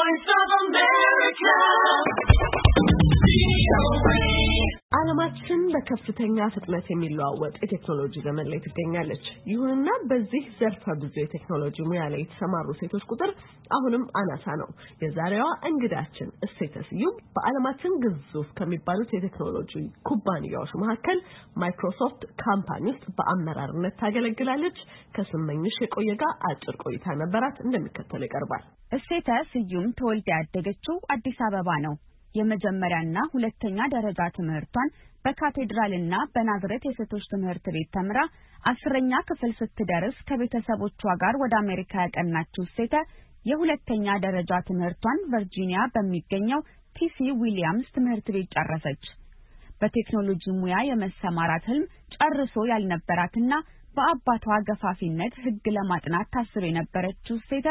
Voice of America. Be ዓለማችን በከፍተኛ ፍጥነት የሚለዋወጥ የቴክኖሎጂ ዘመን ላይ ትገኛለች። ይሁንና በዚህ ዘርፈ ብዙ የቴክኖሎጂ ሙያ ላይ የተሰማሩ ሴቶች ቁጥር አሁንም አናሳ ነው። የዛሬዋ እንግዳችን እሴተ ስዩም በዓለማችን ግዙፍ ከሚባሉት የቴክኖሎጂ ኩባንያዎች መካከል ማይክሮሶፍት ካምፓኒ ውስጥ በአመራርነት ታገለግላለች። ከስመኝሽ የቆየ ጋር አጭር ቆይታ ነበራት፣ እንደሚከተል ይቀርባል። እሴተ ስዩም ተወልዳ ያደገችው አዲስ አበባ ነው። የመጀመሪያና ሁለተኛ ደረጃ ትምህርቷን በካቴድራልና በናዝሬት የሴቶች ትምህርት ቤት ተምራ አስረኛ ክፍል ስትደርስ ከቤተሰቦቿ ጋር ወደ አሜሪካ ያቀናችው ሴተ የሁለተኛ ደረጃ ትምህርቷን ቨርጂኒያ በሚገኘው ቲሲ ዊሊያምስ ትምህርት ቤት ጨረሰች። በቴክኖሎጂ ሙያ የመሰማራት ህልም ጨርሶ ያልነበራትና በአባቷ ገፋፊነት ህግ ለማጥናት ታስብ የነበረችው ሴተ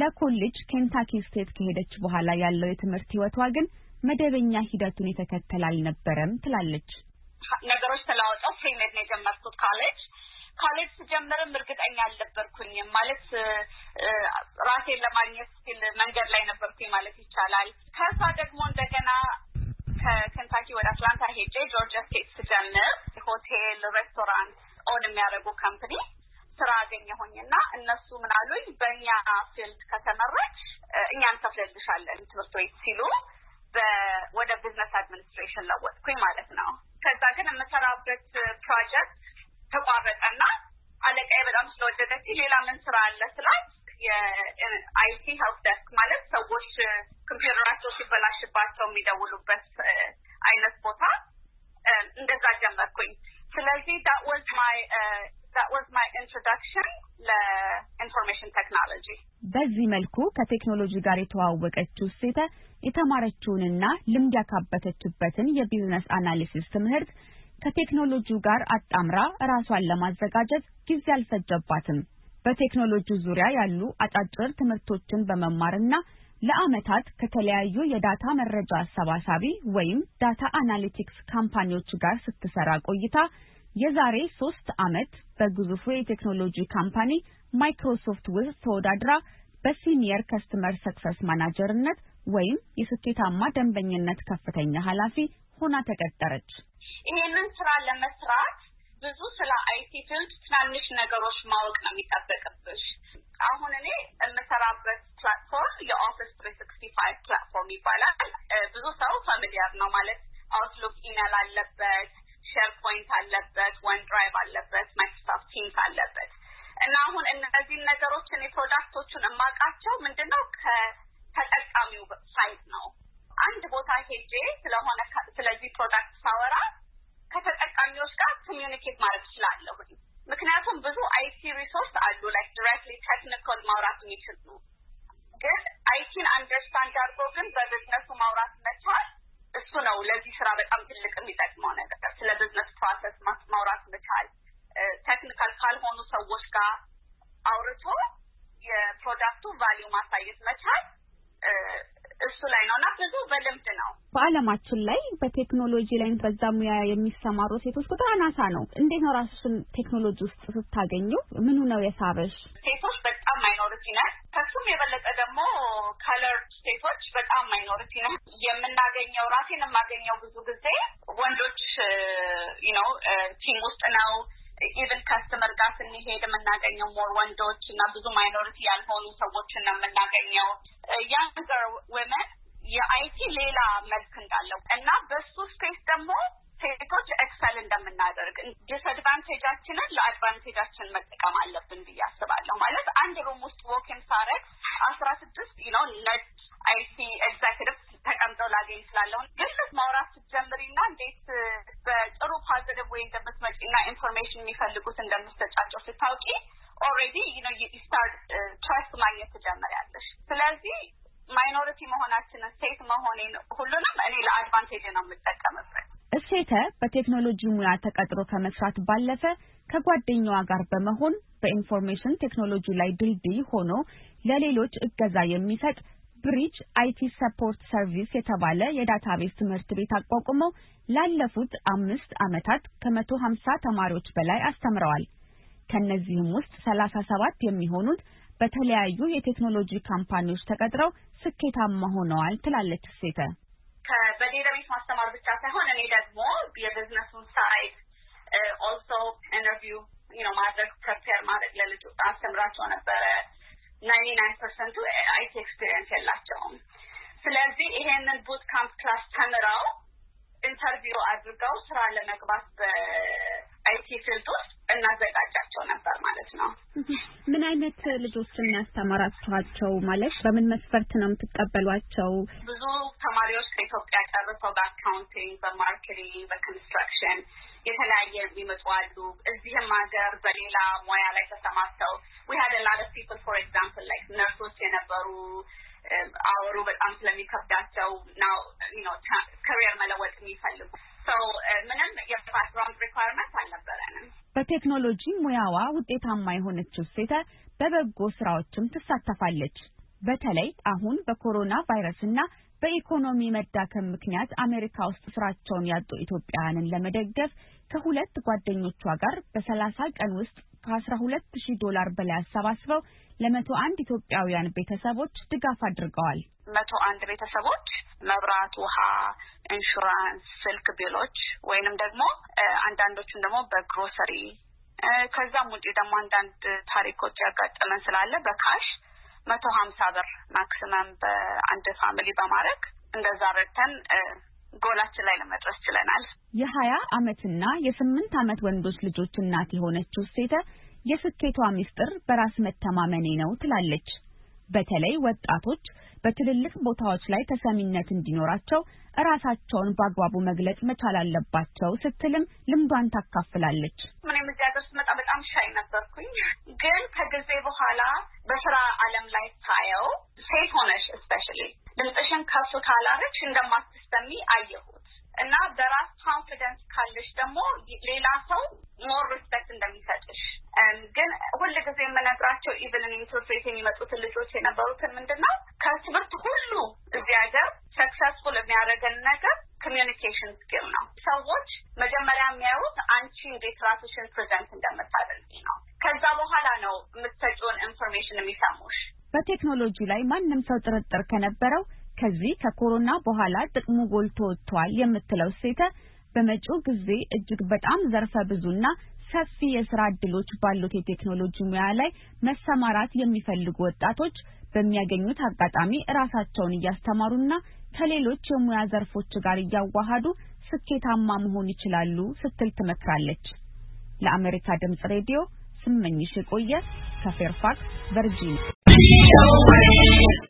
ለኮሌጅ ኬንታኪ ስቴት ከሄደች በኋላ ያለው የትምህርት ህይወቷ ግን መደበኛ ሂደቱን የተከተል አልነበረም ትላለች። ነገሮች ተለዋውጠው ፍሪሜድ ነው የጀመርኩት ካሌጅ ካሌጅ ስጀምርም እርግጠኛ አልነበርኩኝም። ማለት ራሴን ለማግኘት ስል መንገድ ላይ ነበርኩኝ ማለት ይቻላል። ከእሷ ደግሞ እንደገና ከኬንታኪ ወደ አትላንታ ሄጄ ጆርጂያ ስቴት ስጀምር ሆቴል፣ ሬስቶራንት ኦን የሚያደርጉ ካምፕኒ ስራ አገኘሁኝ እና እነሱ ምን አሉኝ፣ በእኛ ፊልድ ከተመረች እኛ እንከፍለልሻለን ትምህርት ቤት ሲሉ ወደ ቢዝነስ አድሚኒስትሬሽን ለወጥኩኝ ማለት ነው። ከዛ ግን የምሰራበት ፕሮጀክት ተቋረጠና አለቃዬ በጣም ስለወደደች ሌላ ምን ስራ አለ ስላት የአይቲ ሄልፕ ደስክ ማለት መልኩ ከቴክኖሎጂ ጋር የተዋወቀችው ሴተ የተማረችውንና ልምድ ያካበተችበትን የቢዝነስ አናሊሲስ ትምህርት ከቴክኖሎጂው ጋር አጣምራ ራሷን ለማዘጋጀት ጊዜ አልፈጀባትም። በቴክኖሎጂ ዙሪያ ያሉ አጫጭር ትምህርቶችን በመማርና ለአመታት ከተለያዩ የዳታ መረጃ አሰባሳቢ ወይም ዳታ አናሊቲክስ ካምፓኒዎች ጋር ስትሰራ ቆይታ የዛሬ ሶስት አመት በግዙፉ የቴክኖሎጂ ካምፓኒ ማይክሮሶፍት ውስጥ ተወዳድራ በሲኒየር ከስተመር ሰክሰስ ማናጀርነት ወይም የስኬታማ ደንበኝነት ከፍተኛ ኃላፊ ሆና ተቀጠረች። ይሄንን ስራ ለመስራት ብዙ ስለ አይቲ ፊልድ ትናንሽ ነገሮች ማወቅ ነው የሚጠበቅብሽ። አሁን እኔ የምሰራበት ፕላትፎርም የኦፊስ ትሪ ሲክስቲ ፋይቭ ፕላትፎርም ይባላል። ብዙ ሰው ፋሚሊያር ነው ማለት አውትሎክ ኢሜል አለበት፣ ሼር ፖይንት አለበት፣ ወን ቫሊዩ ማሳየት መቻል እሱ ላይ ነው እና ብዙ በልምድ ነው። በአለማችን ላይ በቴክኖሎጂ ላይ በዛ ሙያ የሚሰማሩ ሴቶች ቁጥር አናሳ ነው። እንዴት ነው ራሱን ቴክኖሎጂ ውስጥ ስታገኙ ምኑ ነው የሳበሽ? ሴቶች በጣም ማይኖሪቲ ነን። ከሱም የበለጠ ደግሞ ከለር ሴቶች በጣም ማይኖሪቲ ነን። የምናገኘው ራሴን የማገኘው ብዙ ጊዜ ወንዶች ነው ቲም ውስጥ ነው ኢቨን ከስተመር ጋር ስንሄድ የምናገኘው ሞር ወንዶች እና ብዙ ማይኖሪቲ ያልሆኑ ያንገር ውመን የአይቲ ሌላ መልክ እንዳለው እና በሱ ስፔስ ደግሞ ሴቶች ኤክሰል እንደምናደርግ ዲስአድቫንቴጃችንን ለአድቫንቴጃችን መጠቀም አለብን ብዬ አስባለሁ። ማለት አንድ ሩም ውስጥ ወኪን ሳረግ አስራ ስድስት ነው ማይኖሪቲ መሆናችንን ሴት መሆኔን ሁሉንም እኔ ለአድቫንቴጅ ነው የምጠቀምበት። እሴተ በቴክኖሎጂ ሙያ ተቀጥሮ ከመስራት ባለፈ ከጓደኛዋ ጋር በመሆን በኢንፎርሜሽን ቴክኖሎጂ ላይ ድልድይ ሆኖ ለሌሎች እገዛ የሚሰጥ ብሪጅ አይቲ ሰፖርት ሰርቪስ የተባለ የዳታቤዝ ትምህርት ቤት አቋቁመው ላለፉት አምስት ዓመታት ከመቶ ሀምሳ ተማሪዎች በላይ አስተምረዋል። ከእነዚህም ውስጥ ሰላሳ ሰባት የሚሆኑት በተለያዩ የቴክኖሎጂ ካምፓኒዎች ተቀጥረው ስኬታማ ሆነዋል ትላለች ሴተ። በሌላ ማስተማር ብቻ ሳይሆን እኔ ደግሞ የቢዝነሱን ሳይት ኦልሶ ኢንተርቪው ማድረግ ፕሬፔር ማድረግ ለልጅ አስተምራቸው ነበረ። ናይንቲ ናይን ፐርሰንቱ አይቲ ኤክስፔሪንስ የላቸውም። ስለዚህ ይሄንን ቡት ካምፕ ክላስ ተምረው ኢንተርቪው አድርገው ስራ ለመግባት በአይቲ ፊልድ ውስጥ እናዘጋጅ አይነት ልጆች የሚያስተማራችኋቸው ማለት በምን መስፈርት ነው የምትቀበሏቸው? ብዙ ተማሪዎች ከኢትዮጵያ ጨርሰው በአካውንቲንግ፣ በማርኬቲንግ፣ በኮንስትራክሽን የተለያየ የሚመጡ አሉ። እዚህም ሀገር በሌላ ሙያ ላይ ተሰማርተው ዊ ሀድ ላደ ፒፕል ፎር ኤግዛምፕል ላይክ ነርሶች የነበሩ um, አወሩ በጣም ስለሚከብዳቸው ናው ከሪየር መለወጥ የሚፈልጉ ሰው uh, ምንም የባክግራውንድ ሪኳርመንት አልነበረንም። በቴክኖሎጂ ሙያዋ ውጤታማ የሆነችው ሴተ በበጎ ስራዎችም ትሳተፋለች። በተለይ አሁን በኮሮና ቫይረስና በኢኮኖሚ መዳከም ምክንያት አሜሪካ ውስጥ ስራቸውን ያጡ ኢትዮጵያውያንን ለመደገፍ ከሁለት ጓደኞቿ ጋር በሰላሳ ቀን ውስጥ ከአስራ ሁለት ሺህ ዶላር በላይ አሰባስበው ለመቶ አንድ ኢትዮጵያውያን ቤተሰቦች ድጋፍ አድርገዋል። መቶ አንድ ቤተሰቦች መብራት፣ ውሃ፣ ኢንሹራንስ፣ ስልክ ቢሎች ወይንም ደግሞ አንዳንዶቹን ደግሞ በግሮሰሪ ከዛም ውጭ ደግሞ አንዳንድ ታሪኮች ያጋጠመን ስላለ በካሽ መቶ ሀምሳ ብር ማክስመም በአንድ ፋሚሊ በማድረግ እንደዛ ረድተን ጎላችን ላይ ለመድረስ ችለናል። የሀያ አመትና የስምንት አመት ወንዶች ልጆች እናት የሆነችው ሴተ የስኬቷ ሚስጥር በራስ መተማመኔ ነው ትላለች። በተለይ ወጣቶች በትልልቅ ቦታዎች ላይ ተሰሚነት እንዲኖራቸው እራሳቸውን በአግባቡ መግለጽ መቻል አለባቸው ስትልም ልምዷን ታካፍላለች። ምንም እዚህ ሀገር ስመጣ በጣም ሻይ ነበርኩኝ፣ ግን ከጊዜ በኋላ በስራ አለም ላይ ሳየው ሴት ሆነሽ እስፔሻሊ ድምፅሽን ከፍ ካላረግሽ እንደማትሰሚ አየሁት እና በራስ ኮንፊደንስ ካለሽ ደግሞ ሌላ ሰው ሞር ሪስፔክት እንደሚ ጊዜ የምነግራቸው ኢቭን ትምህርት ቤት የሚመጡትን ልጆች የነበሩትን ምንድን ነው ከትምህርት ሁሉ እዚህ ሀገር ሰክሰስፉል የሚያደርገን ነገር ኮሚኒኬሽን ስኪል ነው። ሰዎች መጀመሪያ የሚያዩት አንቺ እንዴት ራስሽን ፕሬዘንት እንደምታደርጊ ነው። ከዛ በኋላ ነው የምትሰጪውን ኢንፎርሜሽን የሚሰሙሽ። በቴክኖሎጂ ላይ ማንም ሰው ጥርጥር ከነበረው ከዚህ ከኮሮና በኋላ ጥቅሙ ጎልቶ ወጥቷል የምትለው ሴተ በመጪው ጊዜ እጅግ በጣም ዘርፈ ብዙና ሰፊ የስራ እድሎች ባሉት የቴክኖሎጂ ሙያ ላይ መሰማራት የሚፈልጉ ወጣቶች በሚያገኙት አጋጣሚ ራሳቸውን እያስተማሩና ከሌሎች የሙያ ዘርፎች ጋር እያዋሃዱ ስኬታማ መሆን ይችላሉ ስትል ትመክራለች። ለአሜሪካ ድምጽ ሬዲዮ ስመኝሽ የቆየ ከፌርፋክስ ቨርጂኒያ